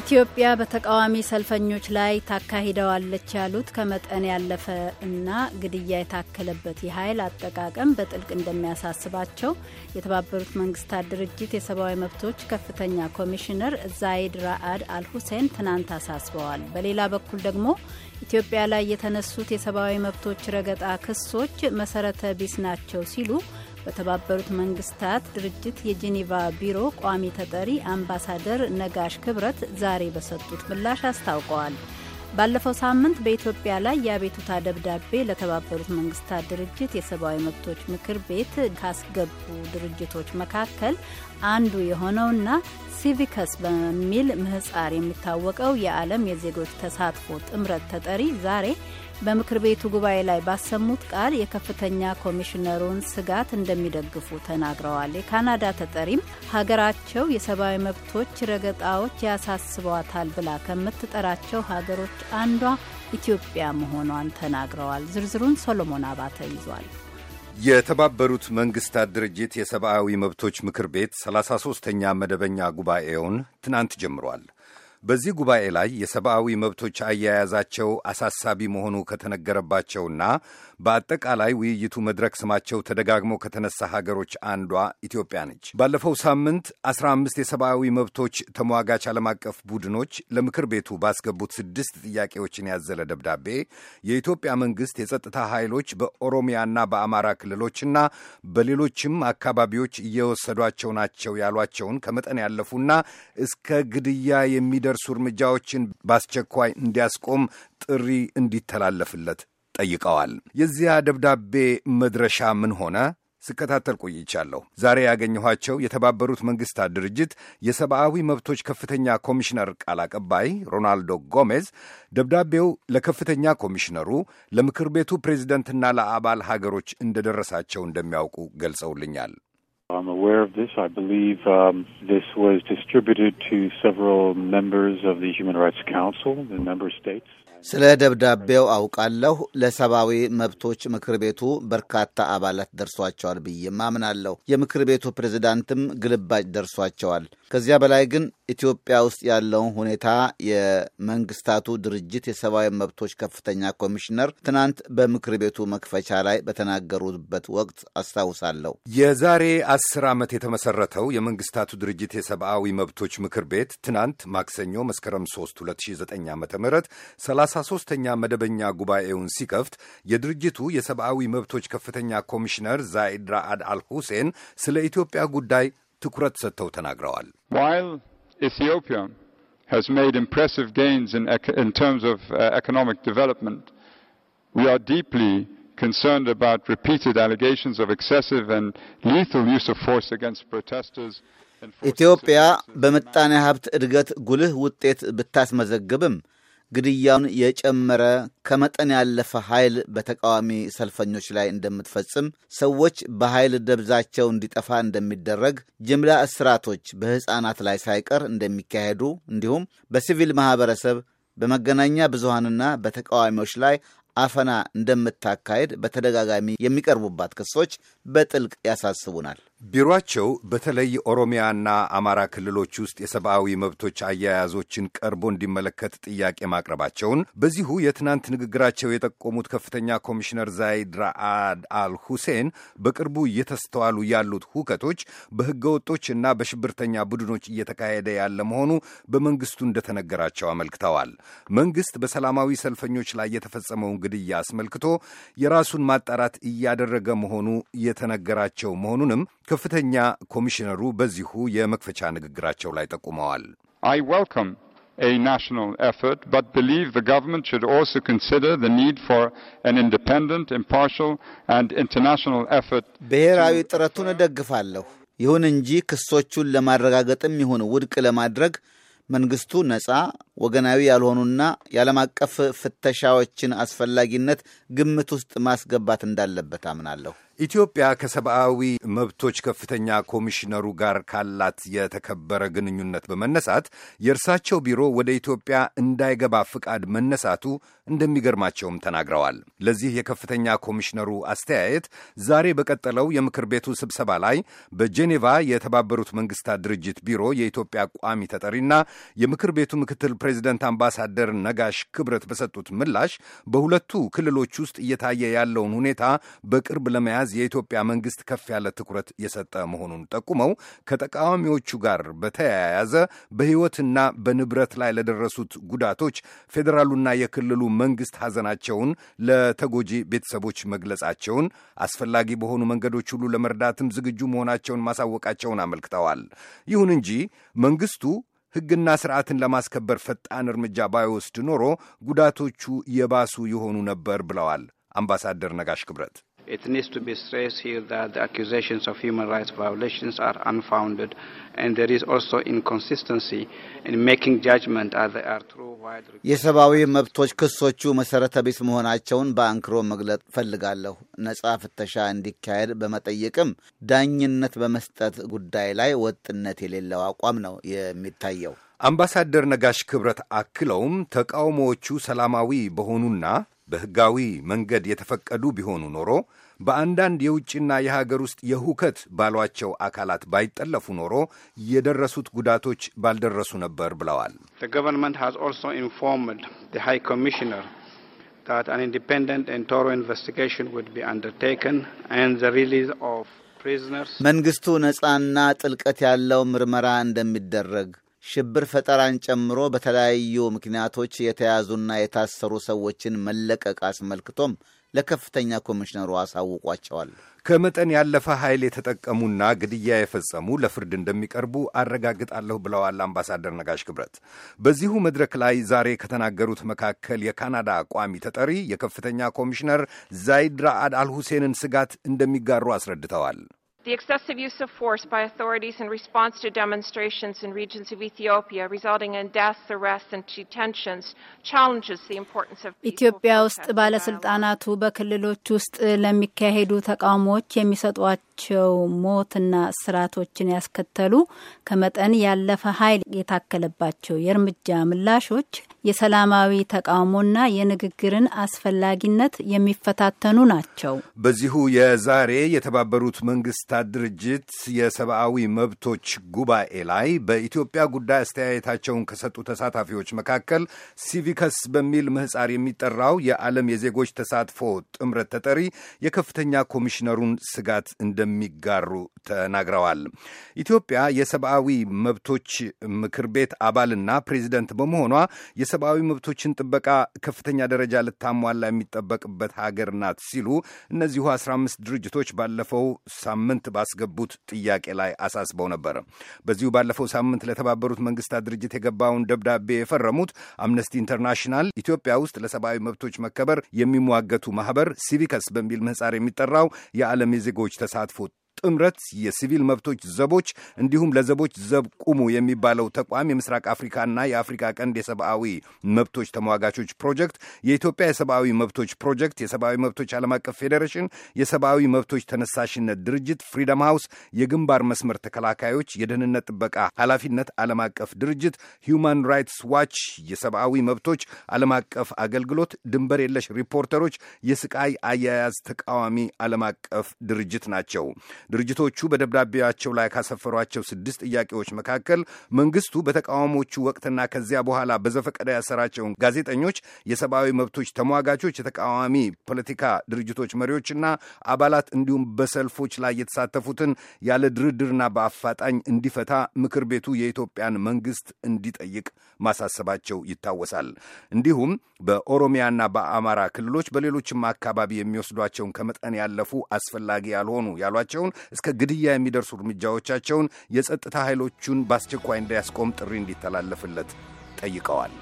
ኢትዮጵያ በተቃዋሚ ሰልፈኞች ላይ ታካሂደዋለች ያሉት ከመጠን ያለፈ እና ግድያ የታከለበት የኃይል አጠቃቀም በጥልቅ እንደሚያሳስባቸው የተባበሩት መንግስታት ድርጅት የሰብአዊ መብቶች ከፍተኛ ኮሚሽነር ዛይድ ራአድ አልሁሴን ትናንት አሳስበዋል። በሌላ በኩል ደግሞ ኢትዮጵያ ላይ የተነሱት የሰብአዊ መብቶች ረገጣ ክሶች መሰረተ ቢስ ናቸው ሲሉ በተባበሩት መንግስታት ድርጅት የጄኔቫ ቢሮ ቋሚ ተጠሪ አምባሳደር ነጋሽ ክብረት ዛሬ በሰጡት ምላሽ አስታውቀዋል። ባለፈው ሳምንት በኢትዮጵያ ላይ የአቤቱታ ደብዳቤ ለተባበሩት መንግስታት ድርጅት የሰብአዊ መብቶች ምክር ቤት ካስገቡ ድርጅቶች መካከል አንዱ የሆነውና ሲቪከስ በሚል ምህጻር የሚታወቀው የዓለም የዜጎች ተሳትፎ ጥምረት ተጠሪ ዛሬ በምክር ቤቱ ጉባኤ ላይ ባሰሙት ቃል የከፍተኛ ኮሚሽነሩን ስጋት እንደሚደግፉ ተናግረዋል። የካናዳ ተጠሪም ሀገራቸው የሰብአዊ መብቶች ረገጣዎች ያሳስበዋታል ብላ ከምትጠራቸው ሀገሮች ሀገሮች አንዷ ኢትዮጵያ መሆኗን ተናግረዋል። ዝርዝሩን ሶሎሞን አባተ ይዟል። የተባበሩት መንግስታት ድርጅት የሰብአዊ መብቶች ምክር ቤት 33ተኛ መደበኛ ጉባኤውን ትናንት ጀምሯል። በዚህ ጉባኤ ላይ የሰብአዊ መብቶች አያያዛቸው አሳሳቢ መሆኑ ከተነገረባቸውና በአጠቃላይ ውይይቱ መድረክ ስማቸው ተደጋግሞ ከተነሳ ሀገሮች አንዷ ኢትዮጵያ ነች። ባለፈው ሳምንት 15 የሰብአዊ መብቶች ተሟጋች ዓለም አቀፍ ቡድኖች ለምክር ቤቱ ባስገቡት ስድስት ጥያቄዎችን ያዘለ ደብዳቤ የኢትዮጵያ መንግሥት የጸጥታ ኃይሎች በኦሮሚያና በአማራ ክልሎችና በሌሎችም አካባቢዎች እየወሰዷቸው ናቸው ያሏቸውን ከመጠን ያለፉና እስከ ግድያ የሚደ የሚደርሱ እርምጃዎችን በአስቸኳይ እንዲያስቆም ጥሪ እንዲተላለፍለት ጠይቀዋል። የዚያ ደብዳቤ መድረሻ ምን ሆነ? ስከታተል ቆይቻለሁ። ዛሬ ያገኘኋቸው የተባበሩት መንግስታት ድርጅት የሰብአዊ መብቶች ከፍተኛ ኮሚሽነር ቃል አቀባይ ሮናልዶ ጎሜዝ ደብዳቤው ለከፍተኛ ኮሚሽነሩ፣ ለምክር ቤቱ ፕሬዚደንትና ለአባል ሀገሮች እንደደረሳቸው እንደሚያውቁ ገልጸውልኛል። I'm aware of this. I believe um, this was distributed to several members of the Human Rights Council, the member states. ስለ ደብዳቤው አውቃለሁ። ለሰብአዊ መብቶች ምክር ቤቱ በርካታ አባላት ደርሷቸዋል ብዬም አምናለሁ። የምክር ቤቱ ፕሬዝዳንትም ግልባጭ ደርሷቸዋል። ከዚያ በላይ ግን ኢትዮጵያ ውስጥ ያለውን ሁኔታ የመንግስታቱ ድርጅት የሰብአዊ መብቶች ከፍተኛ ኮሚሽነር ትናንት በምክር ቤቱ መክፈቻ ላይ በተናገሩበት ወቅት አስታውሳለሁ። የዛሬ አስር ዓመት የተመሰረተው የመንግስታቱ ድርጅት የሰብአዊ መብቶች ምክር ቤት ትናንት ማክሰኞ መስከረም 3 2009 ዓ ም 33ኛ መደበኛ ጉባኤውን ሲከፍት የድርጅቱ የሰብአዊ መብቶች ከፍተኛ ኮሚሽነር ዛይድ ራአድ አልሁሴን ስለ ኢትዮጵያ ጉዳይ ትኩረት ሰጥተው ተናግረዋል። Ethiopia has made impressive gains in, in terms of uh, economic development, we are deeply concerned about repeated allegations of excessive and lethal use of force against protesters. ኢትዮጵያ በምጣኔ ሀብት እድገት ጉልህ ውጤት ብታስመዘግብም ግድያውን የጨመረ ከመጠን ያለፈ ኃይል በተቃዋሚ ሰልፈኞች ላይ እንደምትፈጽም፣ ሰዎች በኃይል ደብዛቸው እንዲጠፋ እንደሚደረግ፣ ጅምላ እስራቶች በሕፃናት ላይ ሳይቀር እንደሚካሄዱ እንዲሁም በሲቪል ማኅበረሰብ በመገናኛ ብዙሃንና በተቃዋሚዎች ላይ አፈና እንደምታካሄድ በተደጋጋሚ የሚቀርቡባት ክሶች በጥልቅ ያሳስቡናል። ቢሮአቸው በተለይ ኦሮሚያና አማራ ክልሎች ውስጥ የሰብአዊ መብቶች አያያዞችን ቀርቦ እንዲመለከት ጥያቄ ማቅረባቸውን በዚሁ የትናንት ንግግራቸው የጠቆሙት ከፍተኛ ኮሚሽነር ዛይድ ራአድ አል ሁሴን በቅርቡ እየተስተዋሉ ያሉት ሁከቶች እና በሽብርተኛ ቡድኖች እየተካሄደ ያለ መሆኑ በመንግስቱ እንደተነገራቸው አመልክተዋል። መንግስት በሰላማዊ ሰልፈኞች ላይ የተፈጸመውን ግድያ አስመልክቶ የራሱን ማጣራት እያደረገ መሆኑ የተነገራቸው መሆኑንም ከፍተኛ ኮሚሽነሩ በዚሁ የመክፈቻ ንግግራቸው ላይ ጠቁመዋል። I welcome a national effort, but believe the government should also consider the need for an independent, impartial and international effort. ብሔራዊ ጥረቱን እደግፋለሁ። ይሁን እንጂ ክሶቹን ለማረጋገጥም ይሁን ውድቅ ለማድረግ መንግስቱ ነጻ ወገናዊ ያልሆኑና የዓለም አቀፍ ፍተሻዎችን አስፈላጊነት ግምት ውስጥ ማስገባት እንዳለበት አምናለሁ። ኢትዮጵያ ከሰብአዊ መብቶች ከፍተኛ ኮሚሽነሩ ጋር ካላት የተከበረ ግንኙነት በመነሳት የእርሳቸው ቢሮ ወደ ኢትዮጵያ እንዳይገባ ፍቃድ መነሳቱ እንደሚገርማቸውም ተናግረዋል። ለዚህ የከፍተኛ ኮሚሽነሩ አስተያየት ዛሬ በቀጠለው የምክር ቤቱ ስብሰባ ላይ በጄኔቫ የተባበሩት መንግስታት ድርጅት ቢሮ የኢትዮጵያ ቋሚ ተጠሪና የምክር ቤቱ ምክትል ፕሬዚደንት አምባሳደር ነጋሽ ክብረት በሰጡት ምላሽ በሁለቱ ክልሎች ውስጥ እየታየ ያለውን ሁኔታ በቅርብ ለመያዝ የኢትዮጵያ መንግስት ከፍ ያለ ትኩረት የሰጠ መሆኑን ጠቁመው ከተቃዋሚዎቹ ጋር በተያያዘ በሕይወትና በንብረት ላይ ለደረሱት ጉዳቶች ፌዴራሉና የክልሉ መንግስት ሐዘናቸውን ለተጎጂ ቤተሰቦች መግለጻቸውን አስፈላጊ በሆኑ መንገዶች ሁሉ ለመርዳትም ዝግጁ መሆናቸውን ማሳወቃቸውን አመልክተዋል። ይሁን እንጂ መንግስቱ ሕግና ስርዓትን ለማስከበር ፈጣን እርምጃ ባይወስድ ኖሮ ጉዳቶቹ የባሱ የሆኑ ነበር ብለዋል አምባሳደር ነጋሽ ክብረት። የሰብአዊ መብቶች ክሶቹ መሠረተ ቢስ መሆናቸውን በአንክሮ መግለጥ ፈልጋለሁ። ነጻ ፍተሻ እንዲካሄድ በመጠየቅም ዳኝነት በመስጠት ጉዳይ ላይ ወጥነት የሌለው አቋም ነው የሚታየው። አምባሳደር ነጋሽ ክብረት አክለውም ተቃውሞዎቹ ሰላማዊ በሆኑና በሕጋዊ መንገድ የተፈቀዱ ቢሆኑ ኖሮ በአንዳንድ የውጭና የሀገር ውስጥ የሁከት ባሏቸው አካላት ባይጠለፉ ኖሮ የደረሱት ጉዳቶች ባልደረሱ ነበር ብለዋል። ሃዝ ኦልሶ ኮሚሽነር መንግስቱ ነጻና ጥልቀት ያለው ምርመራ እንደሚደረግ ሽብር ፈጠራን ጨምሮ በተለያዩ ምክንያቶች የተያዙና የታሰሩ ሰዎችን መለቀቅ አስመልክቶም ለከፍተኛ ኮሚሽነሩ አሳውቋቸዋል። ከመጠን ያለፈ ኃይል የተጠቀሙና ግድያ የፈጸሙ ለፍርድ እንደሚቀርቡ አረጋግጣለሁ ብለዋል አምባሳደር ነጋሽ ክብረት። በዚሁ መድረክ ላይ ዛሬ ከተናገሩት መካከል የካናዳ ቋሚ ተጠሪ የከፍተኛ ኮሚሽነር ዛይድ ራአድ አልሁሴንን ስጋት እንደሚጋሩ አስረድተዋል። The excessive use of force by authorities in response to demonstrations in regions of Ethiopia resulting in deaths, arrests and detentions challenges the importance of ናቸው። ሞትና እስራቶችን ያስከተሉ ከመጠን ያለፈ ኃይል የታከለባቸው የእርምጃ ምላሾች የሰላማዊ ተቃውሞና የንግግርን አስፈላጊነት የሚፈታተኑ ናቸው። በዚሁ የዛሬ የተባበሩት መንግስታት ድርጅት የሰብአዊ መብቶች ጉባኤ ላይ በኢትዮጵያ ጉዳይ አስተያየታቸውን ከሰጡ ተሳታፊዎች መካከል ሲቪከስ በሚል ምህጻር የሚጠራው የዓለም የዜጎች ተሳትፎ ጥምረት ተጠሪ የከፍተኛ ኮሚሽነሩን ስጋት እንደ እንደሚጋሩ ተናግረዋል። ኢትዮጵያ የሰብአዊ መብቶች ምክር ቤት አባልና ፕሬዚደንት በመሆኗ የሰብአዊ መብቶችን ጥበቃ ከፍተኛ ደረጃ ልታሟላ የሚጠበቅበት ሀገር ናት ሲሉ እነዚሁ 15 ድርጅቶች ባለፈው ሳምንት ባስገቡት ጥያቄ ላይ አሳስበው ነበር። በዚሁ ባለፈው ሳምንት ለተባበሩት መንግስታት ድርጅት የገባውን ደብዳቤ የፈረሙት አምነስቲ ኢንተርናሽናል፣ ኢትዮጵያ ውስጥ ለሰብአዊ መብቶች መከበር የሚሟገቱ ማህበር ሲቪከስ በሚል ምህጻር የሚጠራው የዓለም የዜጎች ተሳትፎ ጥምረት የሲቪል መብቶች ዘቦች እንዲሁም ለዘቦች ዘብ ቁሙ የሚባለው ተቋም የምስራቅ አፍሪካና የአፍሪካ ቀንድ የሰብአዊ መብቶች ተሟጋቾች ፕሮጀክት፣ የኢትዮጵያ የሰብአዊ መብቶች ፕሮጀክት፣ የሰብአዊ መብቶች ዓለም አቀፍ ፌዴሬሽን፣ የሰብአዊ መብቶች ተነሳሽነት ድርጅት፣ ፍሪደም ሃውስ፣ የግንባር መስመር ተከላካዮች፣ የደህንነት ጥበቃ ኃላፊነት ዓለም አቀፍ ድርጅት፣ ሂውማን ራይትስ ዋች፣ የሰብአዊ መብቶች ዓለም አቀፍ አገልግሎት፣ ድንበር የለሽ ሪፖርተሮች፣ የስቃይ አያያዝ ተቃዋሚ ዓለም አቀፍ ድርጅት ናቸው። ድርጅቶቹ በደብዳቤያቸው ላይ ካሰፈሯቸው ስድስት ጥያቄዎች መካከል መንግስቱ በተቃውሞቹ ወቅትና ከዚያ በኋላ በዘፈቀደ ያሰራቸውን ጋዜጠኞች፣ የሰብአዊ መብቶች ተሟጋቾች፣ የተቃዋሚ ፖለቲካ ድርጅቶች መሪዎችና አባላት እንዲሁም በሰልፎች ላይ የተሳተፉትን ያለ ድርድርና በአፋጣኝ እንዲፈታ ምክር ቤቱ የኢትዮጵያን መንግስት እንዲጠይቅ ማሳሰባቸው ይታወሳል። እንዲሁም በኦሮሚያና በአማራ ክልሎች በሌሎችም አካባቢ የሚወስዷቸውን ከመጠን ያለፉ አስፈላጊ ያልሆኑ ያሏቸውን እስከ ግድያ የሚደርሱ እርምጃዎቻቸውን የጸጥታ ኃይሎቹን በአስቸኳይ እንዲያስቆም ጥሪ እንዲተላለፍለት ጠይቀዋል።